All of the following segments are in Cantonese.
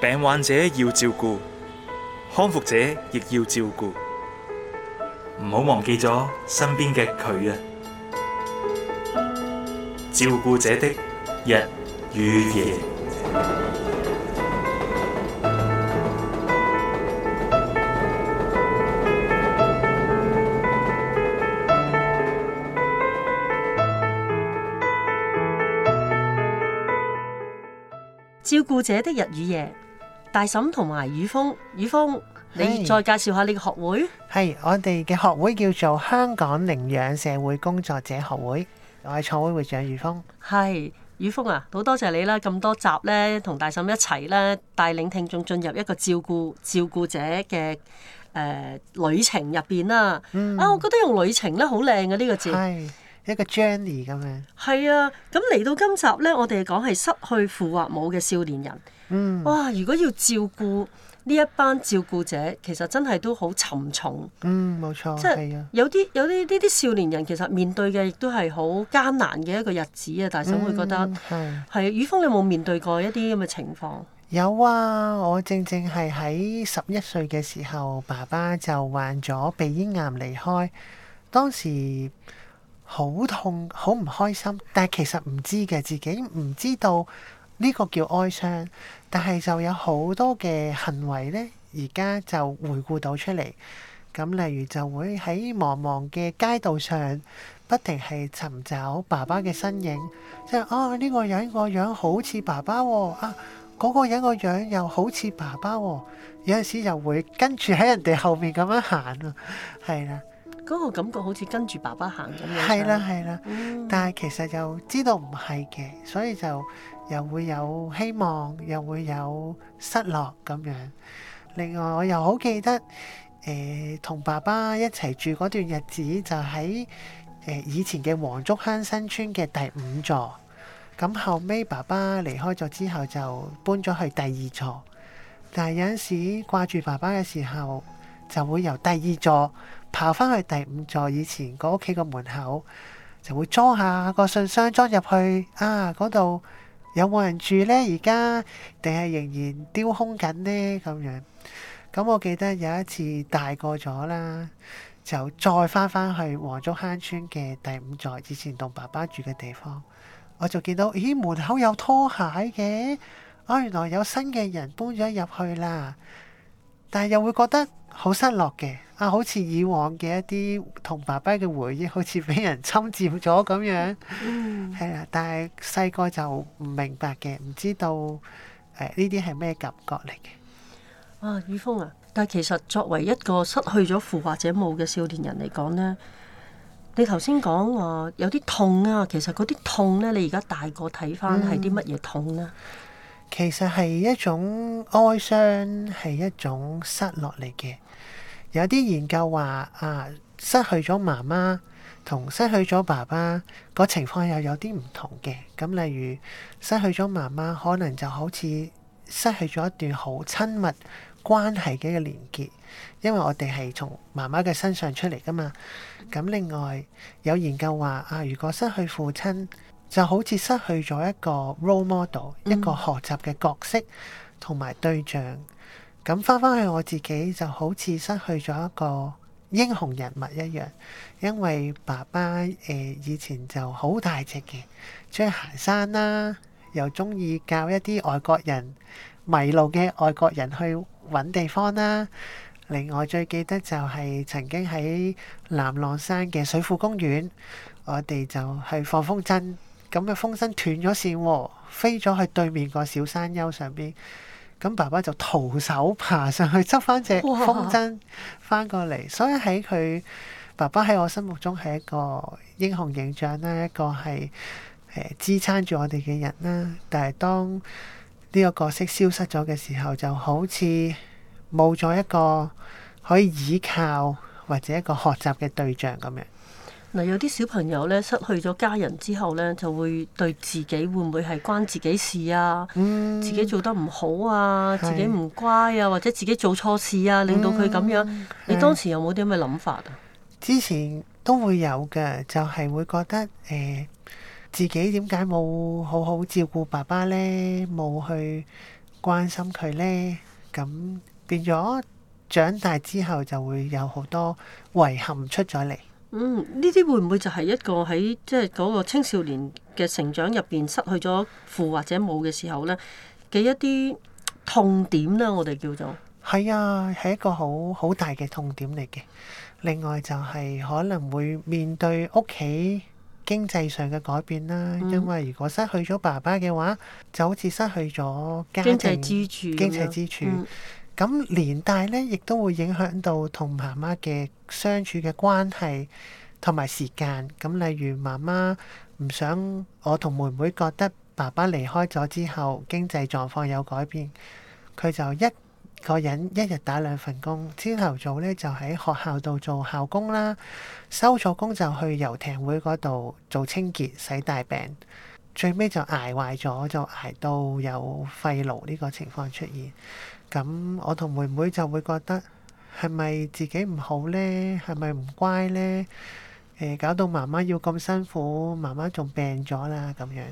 病患者要照顧，康復者亦要照顧，唔好忘記咗身邊嘅佢呀！照顧者的日與夜，照顧者的日與夜。大嬸同埋宇峰，宇峰，你再介紹下你個學會。係我哋嘅學會叫做香港領養社會工作者學會，我係創會會長宇峰。係宇峰啊，好多謝你啦！咁多集咧，同大嬸一齊咧，帶領聽眾進入一個照顧照顧者嘅誒、呃、旅程入邊啦。嗯、啊，我覺得用旅程咧好靚嘅呢、啊呢個字。一個 Jenny 咁樣，係啊！咁嚟到今集呢，我哋講係失去父或母嘅少年人。嗯，哇！如果要照顧呢一班照顧者，其實真係都好沉重。嗯，冇錯。即係啊，有啲有啲呢啲少年人其實面對嘅亦都係好艱難嘅一個日子啊！大嫂會覺得係、嗯、啊。宇峰，你有冇面對過一啲咁嘅情況？有啊！我正正係喺十一歲嘅時候，爸爸就患咗鼻咽癌離開。當時，好痛，好唔開心，但係其實唔知嘅，自己唔知道呢個叫哀傷。但係就有好多嘅行為咧，而家就回顧到出嚟。咁例如就會喺茫茫嘅街道上，不停係尋找爸爸嘅身影。即係啊，呢個人個樣好似爸爸，啊嗰個人個樣又好似爸爸。有陣時就會跟住喺人哋後面咁樣行啊，係啦。嗰個感覺好似跟住爸爸行咁樣，係啦係啦，嗯、但係其實就知道唔係嘅，所以就又會有希望，又會有失落咁樣。另外我又好記得誒同、呃、爸爸一齊住嗰段日子，就喺誒、呃、以前嘅黃竹坑新村嘅第五座。咁後尾爸爸離開咗之後，就搬咗去第二座。但係有陣時掛住爸爸嘅時候，就會由第二座，爬返去第五座以前個屋企個門口，就會裝下個信箱裝入去。啊，嗰度有冇人住呢？而家定係仍然丟空緊呢？咁樣咁，我記得有一次大個咗啦，就再翻返去黃竹坑村嘅第五座以前同爸爸住嘅地方，我就見到咦，門口有拖鞋嘅，啊，原來有新嘅人搬咗入去啦。但係又會覺得好失落嘅。啊，好似以往嘅一啲同爸爸嘅回憶，好似俾人侵佔咗咁樣。係、嗯呃、啊、啊，但係細個就唔明白嘅，唔知道呢啲係咩感覺嚟嘅。啊，宇峰啊，但係其實作為一個失去咗父或者母嘅少年人嚟講呢，你頭先講話有啲痛啊，其實嗰啲痛呢，你而家大個睇翻係啲乜嘢痛呢？嗯其實係一種哀傷，係一種失落嚟嘅。有啲研究話啊，失去咗媽媽同失去咗爸爸個情況又有啲唔同嘅。咁例如失去咗媽媽，可能就好似失去咗一段好親密關係嘅一個連結，因為我哋係從媽媽嘅身上出嚟噶嘛咁另外有研究話啊，如果失去父親。就好似失去咗一個 role model，嗯、一個學習嘅角色同埋對象。咁翻返去我自己就好似失去咗一個英雄人物一樣，因為爸爸誒、呃、以前就好大隻嘅，出去行山啦，又中意教一啲外國人迷路嘅外國人去揾地方啦。另外最記得就係曾經喺南朗山嘅水庫公園，我哋就去放風箏。咁嘅風箏斷咗線，飛咗去對面個小山丘上邊。咁爸爸就徒手爬上去執返隻風箏返過嚟。哇所以喺佢爸爸喺我心目中係一個英雄形象啦，一個係、呃、支撐住我哋嘅人啦。但係當呢個角色消失咗嘅時候，就好似冇咗一個可以倚靠或者一個學習嘅對象咁樣。嗱，有啲小朋友咧失去咗家人之後咧，就會對自己會唔會係關自己事啊？嗯、自己做得唔好啊，是自己唔乖啊，或者自己做錯事啊，令到佢咁樣。你當時有冇啲咁嘅諗法啊？之前都會有嘅，就係、是、會覺得誒、呃、自己點解冇好好照顧爸爸咧，冇去關心佢咧，咁變咗長大之後就會有好多遺憾出咗嚟。嗯，呢啲會唔會就係一個喺即係嗰個青少年嘅成長入邊失去咗父或者母嘅時候呢嘅一啲痛點呢？我哋叫做係啊，係一個好好大嘅痛點嚟嘅。另外就係可能會面對屋企經濟上嘅改變啦，嗯、因為如果失去咗爸爸嘅話，就好似失去咗家庭經濟支柱、經濟支柱。咁連帶咧，亦都會影響到同媽媽嘅相處嘅關係同埋時間。咁例如媽媽唔想我同妹妹覺得爸爸離開咗之後經濟狀況有改變，佢就一個人一日打兩份工。朝頭早咧就喺學校度做校工啦，收咗工就去遊艇會嗰度做清潔，洗大餅，最尾就捱壞咗，就捱到有肺癆呢個情況出現。咁我同妹妹就會覺得係咪自己唔好咧？係咪唔乖咧？誒、欸、搞到媽媽要咁辛苦，媽媽仲病咗啦咁樣。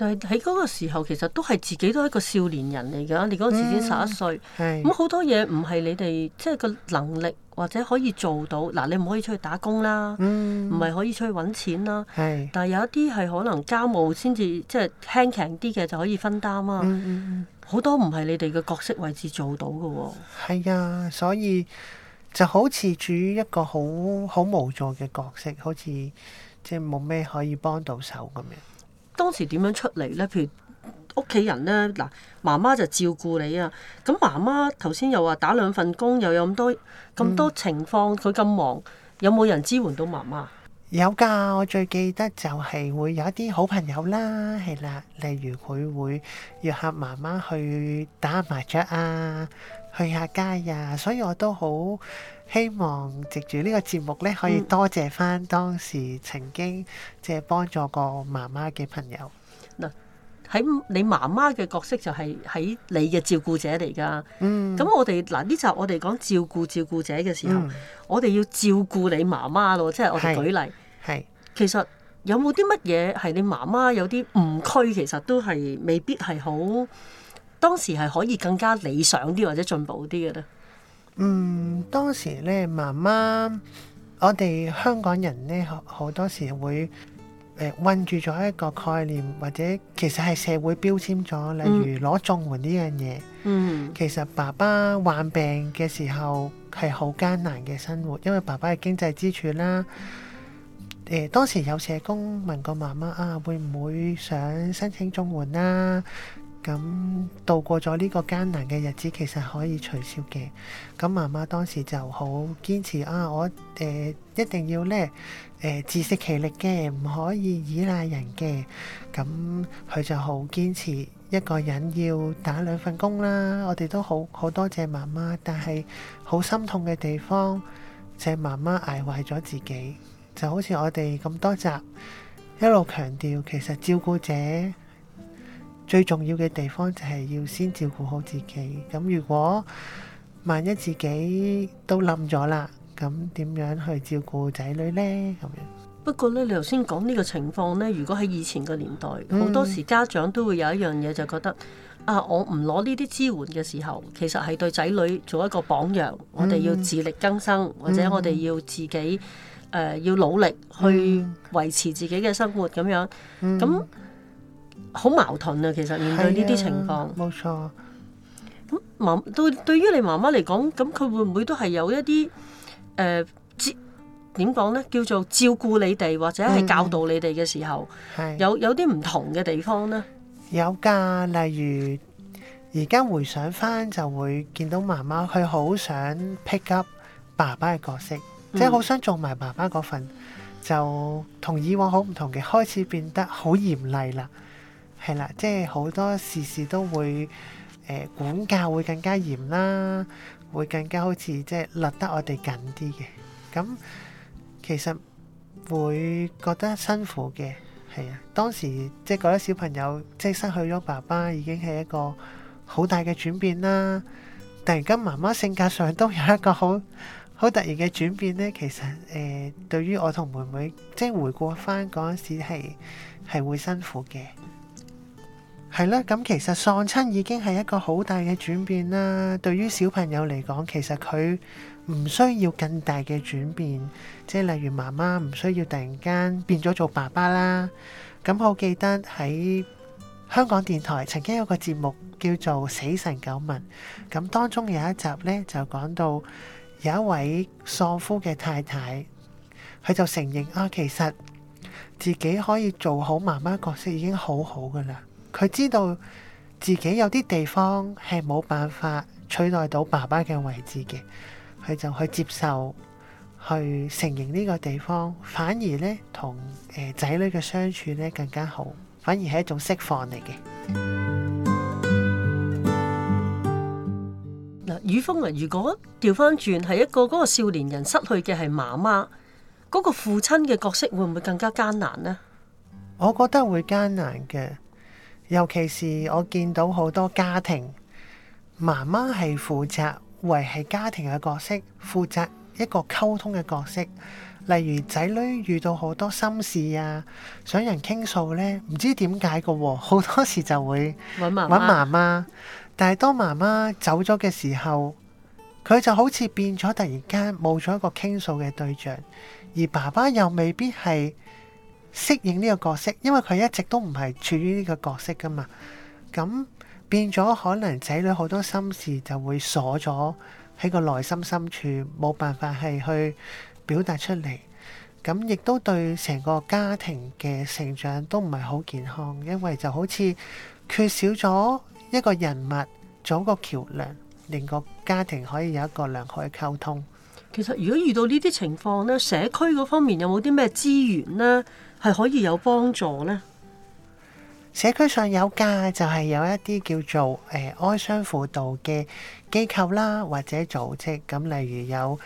但係喺嗰個時候，其實都係自己都係一個少年人嚟嘅。你嗰時先十一歲，咁好、嗯、多嘢唔係你哋即係個能力或者可以做到。嗱，你唔可以出去打工啦，唔係、嗯、可以出去揾錢啦。是但係有一啲係可能家務先至即係輕強啲嘅就可以分擔啊。好、嗯嗯、多唔係你哋嘅角色位置做到嘅喎、哦。係啊，所以就好似處於一個好好無助嘅角色，好似即係冇咩可以幫到手咁樣。當時點樣出嚟呢？譬如屋企人呢，嗱，媽媽就照顧你啊。咁媽媽頭先又話打兩份工，又有咁多咁、嗯、多情況，佢咁忙，有冇人支援到媽媽？有㗎，我最記得就係會有一啲好朋友啦，係啦，例如佢會、會約下媽媽去打麻雀啊。去下街呀、啊，所以我都好希望藉住呢個節目咧，可以多謝翻當時曾經即係幫助過媽媽嘅朋友。嗱、嗯，喺你媽媽嘅角色就係喺你嘅照顧者嚟噶。嗯，咁我哋嗱呢集我哋講照顧照顧者嘅時候，嗯、我哋要照顧你媽媽咯，即係我哋舉例。係，其實有冇啲乜嘢係你媽媽有啲誤區，其實都係未必係好。當時係可以更加理想啲或者進步啲嘅咧。嗯，當時咧，媽媽，我哋香港人咧，好好多時會誒、呃、困住咗一個概念，或者其實係社會標籤咗，例如攞綜援呢樣嘢。嗯，其實爸爸患病嘅時候係好艱難嘅生活，因為爸爸係經濟支柱啦。誒、呃，當時有社工問過媽媽啊，會唔會想申請綜援啦、啊？咁渡過咗呢個艱難嘅日子，其實可以取消嘅。咁媽媽當時就好堅持啊，我誒、呃、一定要咧誒、呃、自食其力嘅，唔可以依賴人嘅。咁佢就好堅持，一個人要打兩份工啦。我哋都好好多謝媽媽，但係好心痛嘅地方就係媽媽捱壞咗自己，就好似我哋咁多集一路強調，其實照顧者。最重要嘅地方就係要先照顧好自己。咁如果萬一自己都冧咗啦，咁點樣去照顧仔女呢？不過呢，你頭先講呢個情況呢，如果喺以前嘅年代，好多時家長都會有一樣嘢，就覺得、嗯、啊，我唔攞呢啲支援嘅時候，其實係對仔女做一個榜樣。嗯、我哋要自力更生，或者我哋要自己、嗯呃、要努力去維持自己嘅生活咁樣。咁、嗯嗯好矛盾啊！其實面對呢啲情況，冇錯，咁媽對對於你媽媽嚟講，咁佢會唔會都係有一啲誒？點講呢，叫做照顧你哋或者係教導你哋嘅時候，嗯、有有啲唔同嘅地方呢？有噶，例如而家回想翻，就會見到媽媽佢好想 pick up 爸爸嘅角色，嗯、即係好想做埋爸爸嗰份，就同以往好唔同嘅，開始變得好嚴厲啦。係啦，即係好多事事都會誒、呃、管教會更加嚴啦，會更加好似即係勒得我哋緊啲嘅。咁、嗯、其實會覺得辛苦嘅係啊。當時即係覺得小朋友即係失去咗爸爸，已經係一個好大嘅轉變啦。突然間媽媽性格上都有一個好好突然嘅轉變咧，其實誒、呃、對於我同妹妹即係回顧翻嗰陣時係係會辛苦嘅。係啦，咁其實喪親已經係一個好大嘅轉變啦。對於小朋友嚟講，其實佢唔需要更大嘅轉變，即係例如媽媽唔需要突然間變咗做爸爸啦。咁好記得喺香港電台曾經有個節目叫做《死神九問》，咁當中有一集呢，就講到有一位喪夫嘅太太，佢就承認啊、哦，其實自己可以做好媽媽角色已經好好噶啦。佢知道自己有啲地方係冇辦法取代到爸爸嘅位置嘅，佢就去接受去承認呢個地方，反而咧同誒仔女嘅相處咧更加好，反而係一種釋放嚟嘅嗱。雨峰啊，如果調翻轉係一個嗰個少年人失去嘅係媽媽嗰個父親嘅角色，會唔會更加艱難呢？我覺得會艱難嘅。尤其是我見到好多家庭，媽媽係負責維係家庭嘅角色，負責一個溝通嘅角色。例如仔女遇到好多心事啊，想人傾訴呢，唔知點解個喎，好多時就會揾媽媽。但係當媽媽走咗嘅時候，佢就好似變咗，突然間冇咗一個傾訴嘅對象，而爸爸又未必係適應呢個角色，因為佢一直都唔係處於呢個角色㗎嘛，咁變咗可能仔女好多心事就會鎖咗喺個內心深處，冇辦法係去表達出嚟，咁亦都對成個家庭嘅成長都唔係好健康，因為就好似缺少咗一個人物，做個橋梁，令個家庭可以有一個良好嘅溝通。其實如果遇到呢啲情況呢，社區嗰方面有冇啲咩資源呢？係可以有幫助呢。社區上有㗎，就係、是、有一啲叫做誒、呃、哀傷輔導嘅機構啦，或者組織。咁、呃、例如有誒、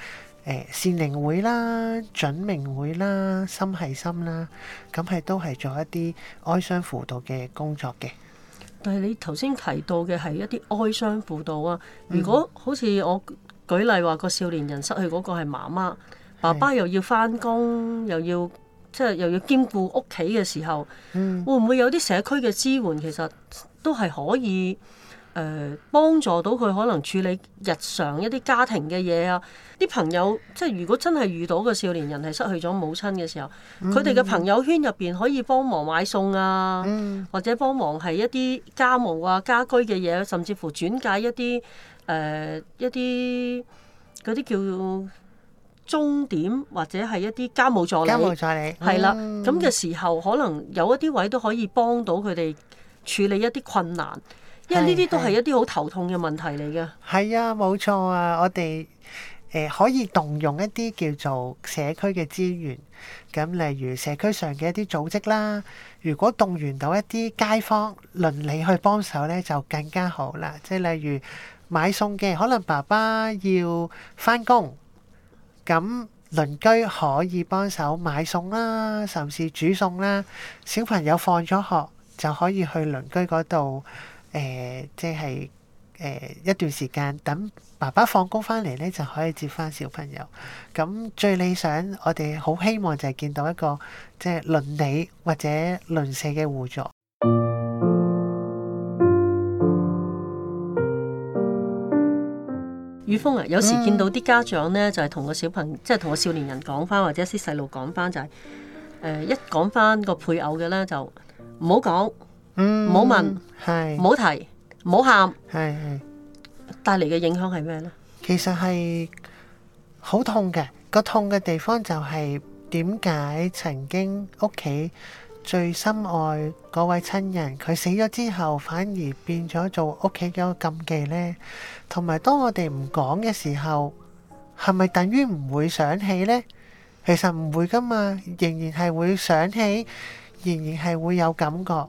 呃、善寧會啦、準明會啦、心係心啦，咁係都係做一啲哀傷輔導嘅工作嘅。但係你頭先提到嘅係一啲哀傷輔導啊。如果、嗯、好似我舉例話，嗰個少年人失去嗰個係媽媽，爸爸又要返工，是又要。即係又要兼顧屋企嘅時候，嗯、會唔會有啲社區嘅支援其實都係可以誒、呃、幫助到佢可能處理日常一啲家庭嘅嘢啊？啲朋友即係、就是、如果真係遇到個少年人係失去咗母親嘅時候，佢哋嘅朋友圈入邊可以幫忙買餸啊，嗯、或者幫忙係一啲家務啊、家居嘅嘢、啊，甚至乎轉介一啲誒、呃、一啲嗰啲叫。終點或者係一啲家務助理，家務助理係啦。咁嘅、嗯、時候，可能有一啲位都可以幫到佢哋處理一啲困難，嗯、因為呢啲都係一啲好頭痛嘅問題嚟嘅。係啊，冇錯啊，我哋誒可以動用一啲叫做社區嘅資源，咁例如社區上嘅一啲組織啦。如果動員到一啲街坊鄰里去幫手咧，就更加好啦。即係例如買餸嘅，可能爸爸要返工。咁鄰居可以幫手買餸啦，甚至煮餸啦。小朋友放咗學就可以去鄰居嗰度，誒即係誒一段時間等爸爸放工翻嚟咧，就可以接翻小朋友。咁最理想，我哋好希望就係見到一個即係鄰里或者鄰舍嘅互助。嗯、有時見到啲家長呢，就係同個小朋，即係同個少年人講翻，或者一啲細路講翻，就係、係呃、一講翻個配偶嘅呢，就唔好講，唔好、嗯、問，係唔好提，唔好喊，係係是，帶嚟嘅影響係咩呢？其實係好痛嘅，個痛嘅地方就係點解曾經屋企。最深愛嗰位親人，佢死咗之後，反而變咗做屋企嘅一個禁忌呢。同埋，當我哋唔講嘅時候，係咪等於唔會想起呢？其實唔會㗎嘛，仍然係會想起，仍然係會有感覺，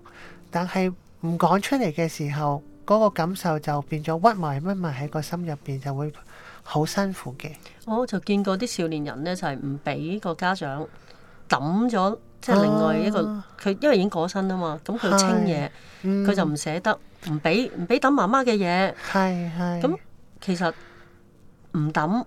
但係唔講出嚟嘅時候，嗰個感受就變咗屈埋屈埋喺個心入邊，就會好辛苦嘅。我就見過啲少年人呢，就係唔俾個家長抌咗。即係另外一個，佢、哦、因為已經過身吖嘛，咁佢清嘢，佢、嗯、就唔捨得，唔俾唔俾抌媽媽嘅嘢。係係，咁其實唔抌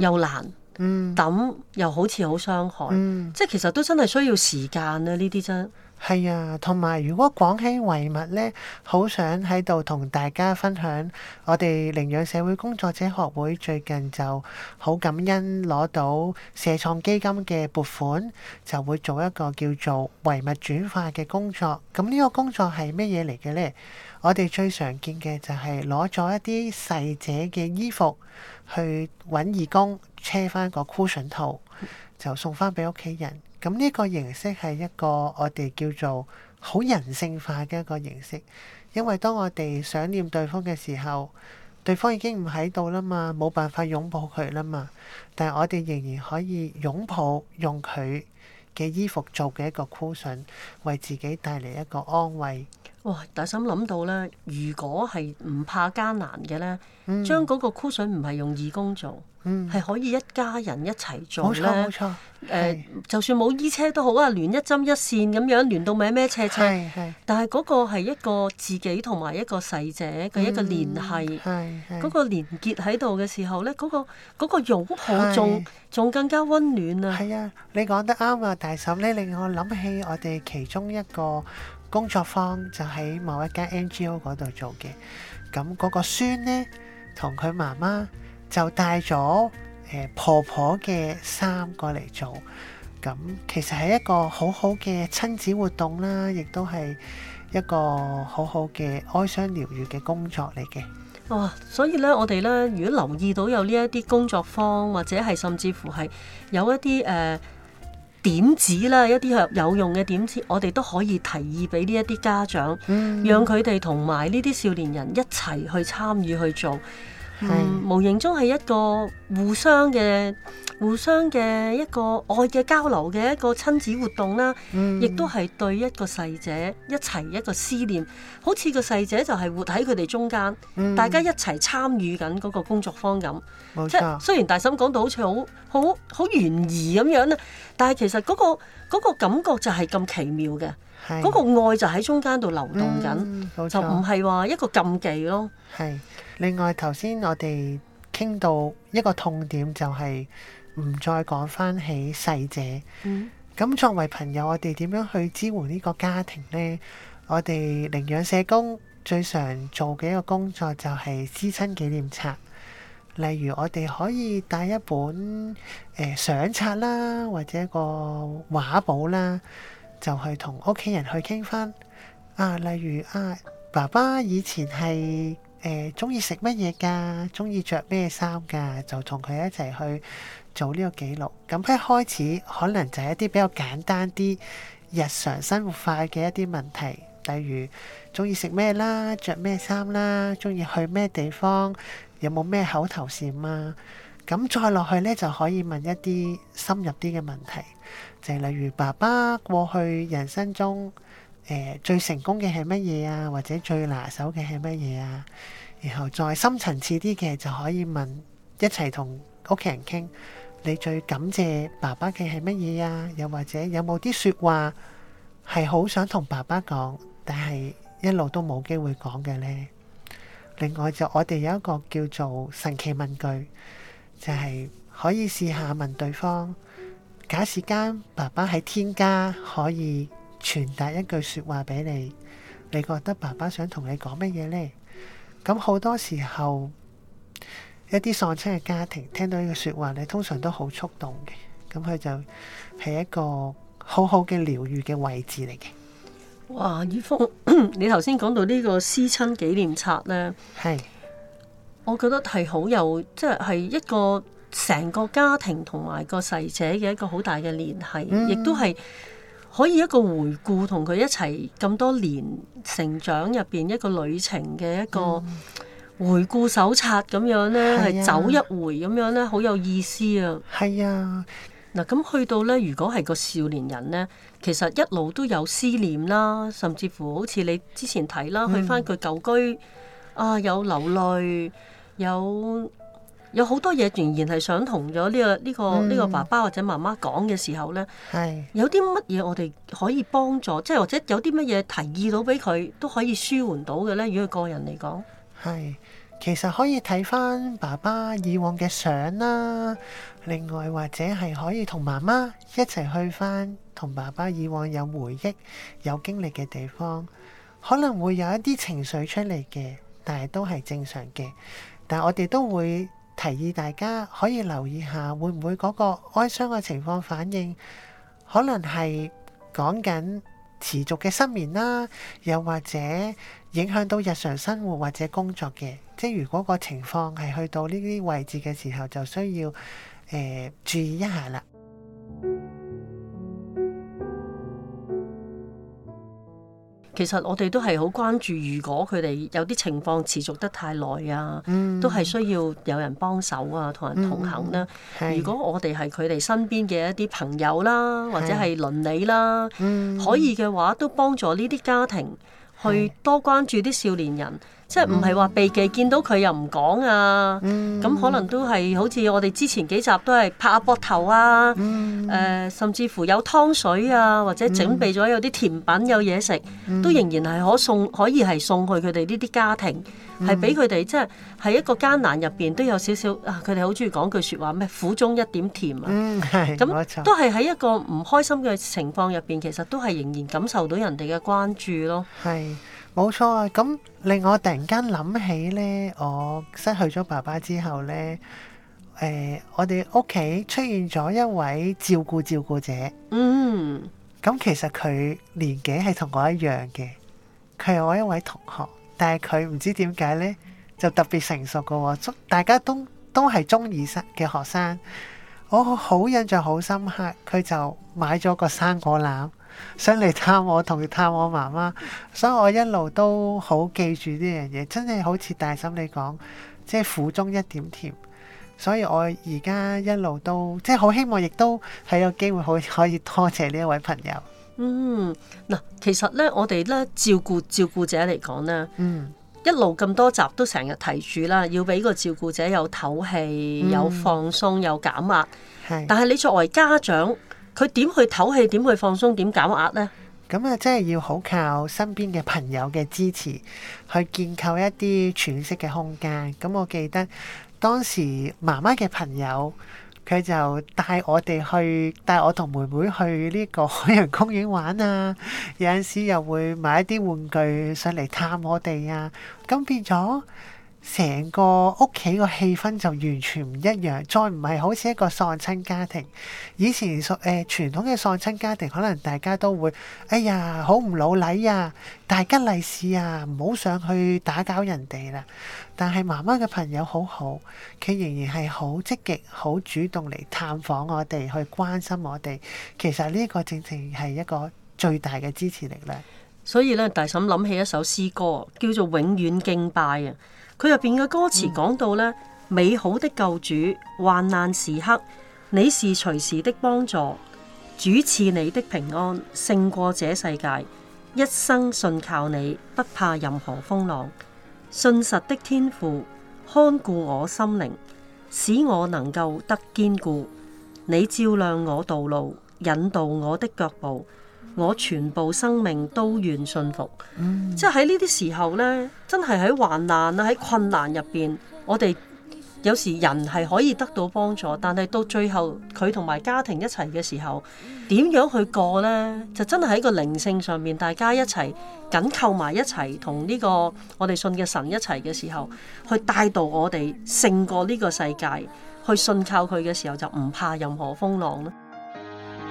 又難，抌、嗯嗯、又好似好傷害。嗯、即係其實都真係需要時間啦、啊，呢啲真。係啊，同埋如果講起遺物咧，好想喺度同大家分享，我哋領養社會工作者學會最近就好感恩攞到社創基金嘅撥款，就會做一個叫做遺物轉化嘅工作。咁呢個工作係乜嘢嚟嘅咧？我哋最常見嘅就係攞咗一啲細者嘅衣服，去揾義工車翻個箍 u s 套，就送翻俾屋企人。咁呢個形式係一個我哋叫做好人性化嘅一個形式，因為當我哋想念對方嘅時候，對方已經唔喺度啦嘛，冇辦法擁抱佢啦嘛，但係我哋仍然可以擁抱用佢嘅衣服做嘅一個箍筍，為自己帶嚟一個安慰。哇！大心諗到咧，如果係唔怕艱難嘅咧，將嗰個箍筍唔係用義工做。嗯，係可以一家人一齊做。冇錯，冇錯。誒、呃，是就算冇衣車都好啊，聯一針一線咁樣聯到咩咩車車。但係嗰個係一個自己同埋一個逝者嘅一個聯繫，嗰、嗯、個連結喺度嘅時候呢，嗰、那個嗰擁抱仲仲更加溫暖啊！係啊，你講得啱啊，大嫂，你令我諗起我哋其中一個工作坊，就喺某一間 NGO 嗰度做嘅。咁嗰個孫呢，同佢媽媽。就帶咗誒、呃、婆婆嘅衫過嚟做，咁其實係一個好好嘅親子活動啦，亦都係一個好好嘅哀傷療愈嘅工作嚟嘅。哇、哦！所以咧，我哋咧，如果留意到有呢一啲工作坊，或者係甚至乎係有一啲誒、呃、點子啦，一啲係有用嘅點子，我哋都可以提議俾呢一啲家長，嗯、讓佢哋同埋呢啲少年人一齊去參與去做。無形、嗯、中係一個互相嘅、互相嘅一個愛嘅交流嘅一個親子活動啦，亦都係對一個逝者一齊一個思念，好似個逝者就係活喺佢哋中間，嗯、大家一齊參與緊嗰個工作坊咁。冇錯。即雖然大嬸講到好似好好好懸疑咁樣啊，嗯、但係其實嗰、嗰個嗰個感覺就係咁奇妙嘅，嗰是個愛就喺中間度流動緊，嗯、就唔係話一個禁忌咯。是另外，頭先我哋傾到一個痛點，就係唔再講翻起逝者。咁、嗯、作為朋友，我哋點樣去支援呢個家庭呢？我哋領養社工最常做嘅一個工作，就係思親紀念冊。例如，我哋可以帶一本、呃、相冊啦，或者一個畫簿啦，就去同屋企人去傾翻。啊，例如啊，爸爸以前係。誒中意食乜嘢㗎？中意着咩衫㗎？就同佢一齊去做呢個記錄。咁一開始可能就係一啲比較簡單啲日常生活化嘅一啲問題，例如中意食咩啦，着咩衫啦，中意去咩地方，有冇咩口頭禪啊？咁再落去咧就可以問一啲深入啲嘅問題，就係例如爸爸過去人生中。最成功嘅係乜嘢啊？或者最拿手嘅係乜嘢啊？然後再深層次啲嘅，就可以問一齊同屋企人傾。你最感謝爸爸嘅係乜嘢啊？又或者有冇啲說話係好想同爸爸講，但係一路都冇機會講嘅呢？」另外就我哋有一個叫做神奇問句，就係可以試下問對方：假使間爸爸喺天家，可以。傳達一句說話俾你，你覺得爸爸想同你講乜嘢呢？咁好多時候，一啲喪親嘅家庭聽到呢個說話，你通常都好觸動嘅。咁佢就係一個好好嘅療愈嘅位置嚟嘅。哇，葉峰，你頭先講到呢個思親紀念冊呢，係是我覺得係好有，即係係一個成個家庭同埋個逝者嘅一個好大嘅聯繫，亦、嗯、都係。可以一個回顧同佢一齊咁多年成長入邊一個旅程嘅一個回顧手冊咁樣呢，係、嗯啊、走一回咁樣呢，好有意思啊！係啊，嗱咁去到呢，如果係個少年人呢，其實一路都有思念啦，甚至乎好似你之前睇啦，去返佢舊居啊，有流淚有。有好多嘢、這個，仍然係想同咗呢個呢個呢個爸爸或者媽媽講嘅時候咧，嗯、係有啲乜嘢我哋可以幫助，即係是或者有啲乜嘢提議到俾佢都可以舒緩到嘅咧。如果個人嚟講，係其實可以睇翻爸爸以往嘅相啦。另外或者係可以同媽媽一齊去翻同爸爸以往有回憶有經歷嘅地方，可能會有一啲情緒出嚟嘅，但係都係正常嘅。但係我哋都會。提議大家可以留意下，會唔會嗰個哀傷嘅情況反應，可能係講緊持續嘅失眠啦，又或者影響到日常生活或者工作嘅。即係如果個情況係去到呢啲位置嘅時候，就需要誒、呃、注意一下啦。其實我哋都係好關注，如果佢哋有啲情況持續得太耐啊，嗯、都係需要有人幫手啊，同人同行咧、啊。嗯、如果我哋係佢哋身邊嘅一啲朋友啦，或者係鄰里啦，嗯、可以嘅話，都幫助呢啲家庭去多關注啲少年人。嗯即係唔係話避忌，見到佢又唔講啊？咁、嗯、可能都係好似我哋之前幾集都係拍下膊頭啊，誒、嗯呃，甚至乎有湯水啊，或者準備咗有啲甜品有嘢食，嗯、都仍然係可送，可以係送去佢哋呢啲家庭，係俾佢哋即係喺一個艱難入邊都有少少啊！佢哋好鍾意講句説話咩苦中一點甜啊！咁都係喺一個唔開心嘅情況入邊，其實都係仍然感受到人哋嘅關注咯是。係。冇錯啊！咁令我突然間諗起咧，我失去咗爸爸之後咧，誒、呃，我哋屋企出現咗一位照顧照顧者。嗯，咁其實佢年紀係同我一樣嘅，佢係我一位同學。但係佢唔知點解咧，就特別成熟㗎，中大家都都係中二生嘅學生。我好印象好深刻，佢就買咗個生果籃。想嚟探我同探我媽媽，所以我一路都好記住呢樣嘢，真係好似大嬸你講，即係苦中一點甜，所以我而家一路都即係好希望，亦都喺有機會可可以多謝呢一位朋友。嗯，嗱，其實咧，我哋咧照顧照顧者嚟講咧，嗯，一路咁多集都成日提住啦，要俾個照顧者有透氣、嗯、有放鬆、有減壓，係。但係你作為家長。佢點去透氣？點去放鬆？點減壓呢？咁啊，真係要好靠身邊嘅朋友嘅支持，去建構一啲喘息嘅空間。咁我記得當時媽媽嘅朋友，佢就帶我哋去，帶我同妹妹去呢個海洋公園玩啊。有陣時又會買一啲玩具上嚟探我哋啊。咁變咗。成個屋企個氣氛就完全唔一樣，再唔係好似一個喪親家庭。以前誒、欸、傳統嘅喪親家庭，可能大家都會：哎呀，好唔老禮啊，大吉利是啊，唔好上去打攪人哋啦。但係媽媽嘅朋友好好，佢仍然係好積極、好主動嚟探訪我哋，去關心我哋。其實呢個正正係一個最大嘅支持力咧。所以咧，大嬸諗起一首詩歌，叫做《永遠敬拜》啊。佢入邊嘅歌詞講到咧，嗯、美好的救主，患難時刻你是隨時的幫助，主賜你的平安勝過這世界，一生信靠你，不怕任何風浪，信實的天父看顧我心靈，使我能夠得堅固，你照亮我道路，引導我的腳步。我全部生命都願信服，嗯、即係喺呢啲時候呢，真係喺患難啊，喺困難入邊，我哋有時人係可以得到幫助，但係到最後佢同埋家庭一齊嘅時候，點樣去過呢？就真係喺個靈性上面，大家一齊緊扣埋一齊，同呢個我哋信嘅神一齊嘅時候，去帶導我哋勝過呢個世界，去信靠佢嘅時候，就唔怕任何風浪啦。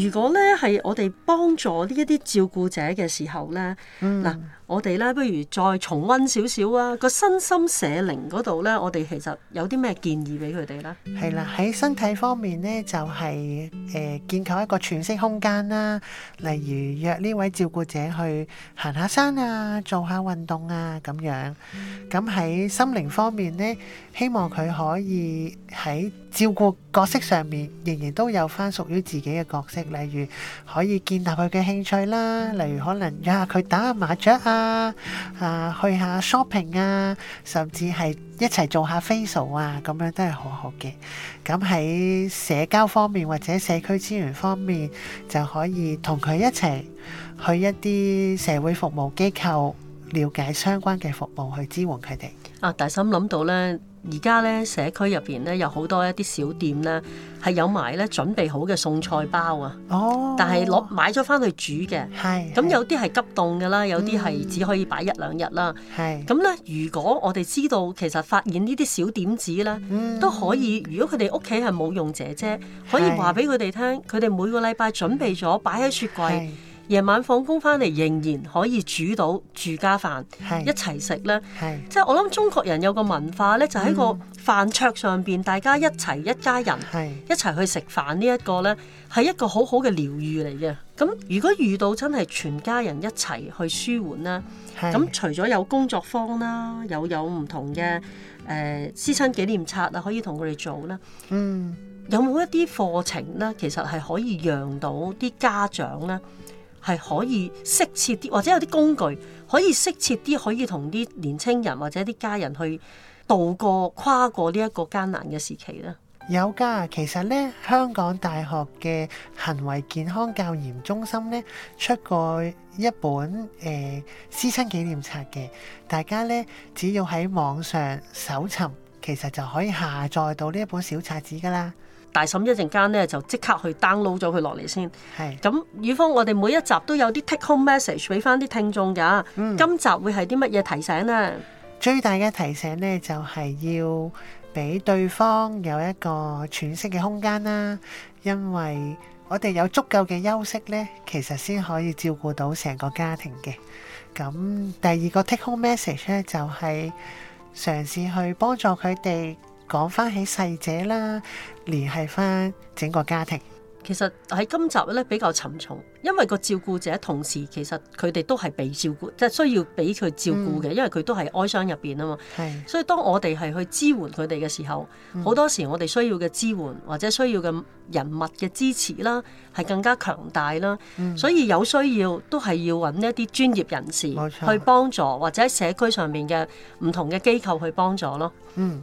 如果咧係我哋幫助呢一啲照顧者嘅時候咧，嗱。嗯我哋咧，不如再重溫少少啊，個身心社靈嗰度咧，我哋其實有啲咩建議俾佢哋啦，係啦，喺身體方面咧，就係、是、誒、呃、建構一個喘息空間啦。例如約呢位照顧者去行下山啊，做下運動啊，咁樣，咁喺心靈方面咧，希望佢可以喺照顧角色上面，仍然都有翻屬於自己嘅角色。例如可以建立佢嘅興趣啦，例如可能約佢打下麻雀啊。啊，去下 shopping 啊，甚至係一齊做下 facial 啊，咁樣都係好好嘅。咁喺社交方面或者社區資源方面，就可以同佢一齊去一啲社會服務機構了解相關嘅服務，去支援佢哋。啊，大心諗到咧。而家咧，社區入邊咧有好多一啲小店咧，係有埋咧準備好嘅餸菜包啊，哦、但係攞買咗返去煮嘅，咁是有啲係急凍㗎啦，嗯、有啲係只可以擺一兩日啦。咁咧是，如果我哋知道其實發現呢啲小點子咧，嗯、都可以，如果佢哋屋企係冇用姐姐，可以話俾佢哋聽，佢哋是每個禮拜準備咗擺喺雪櫃，夜晚放工翻嚟，仍然可以煮到住家飯，是一齊食咧。即係是我諗中國人有個文化咧，就喺、是、個飯桌上邊，大家一齊一家人是一齊去食飯呢一個咧，係一個好好嘅療愈嚟嘅。咁如果遇到真係全家人一齊去舒緩啦，咁是除咗有工作坊啦，又有唔同嘅誒、呃、思親紀念冊啊，可以同佢哋做啦。嗯是，有冇一啲課程咧？其實係可以讓到啲家長咧。係可以適切啲，或者有啲工具可以適切啲，可以同啲年青人或者啲家人去度過、跨過呢一個艱難嘅時期咧。有噶，其實咧，香港大學嘅行為健康教研中心咧出過一本誒思親紀念冊嘅，大家咧，只要喺網上搜尋，其實就可以下載到呢一本小冊子噶啦。大嬸一陣間咧就即刻去 download 咗佢落嚟先。係咁是，宇峯，我哋每一集都有啲 take home message 俾翻啲聽眾㗎。嗯、今集會係啲乜嘢提醒呢？最大嘅提醒呢，就係、是、要俾對方有一個喘息嘅空間啦。因為我哋有足夠嘅休息呢，其實先可以照顧到成個家庭嘅。咁第二個 take home message 咧就係、是、嘗試去幫助佢哋講翻起細姐啦。聯繫翻整個家庭，其實喺今集咧比較沉重，因為個照顧者同時其實佢哋都係被照顧，即係需要俾佢照顧嘅，嗯、因為佢都係哀傷入邊啊嘛。係是，所以當我哋係去支援佢哋嘅時候，好、嗯、多時我哋需要嘅支援或者需要嘅人物嘅支持啦，係更加強大啦。嗯、所以有需要都係要揾一啲專業人士去幫助，錯或者喺社區上面嘅唔同嘅機構去幫助咯。嗯。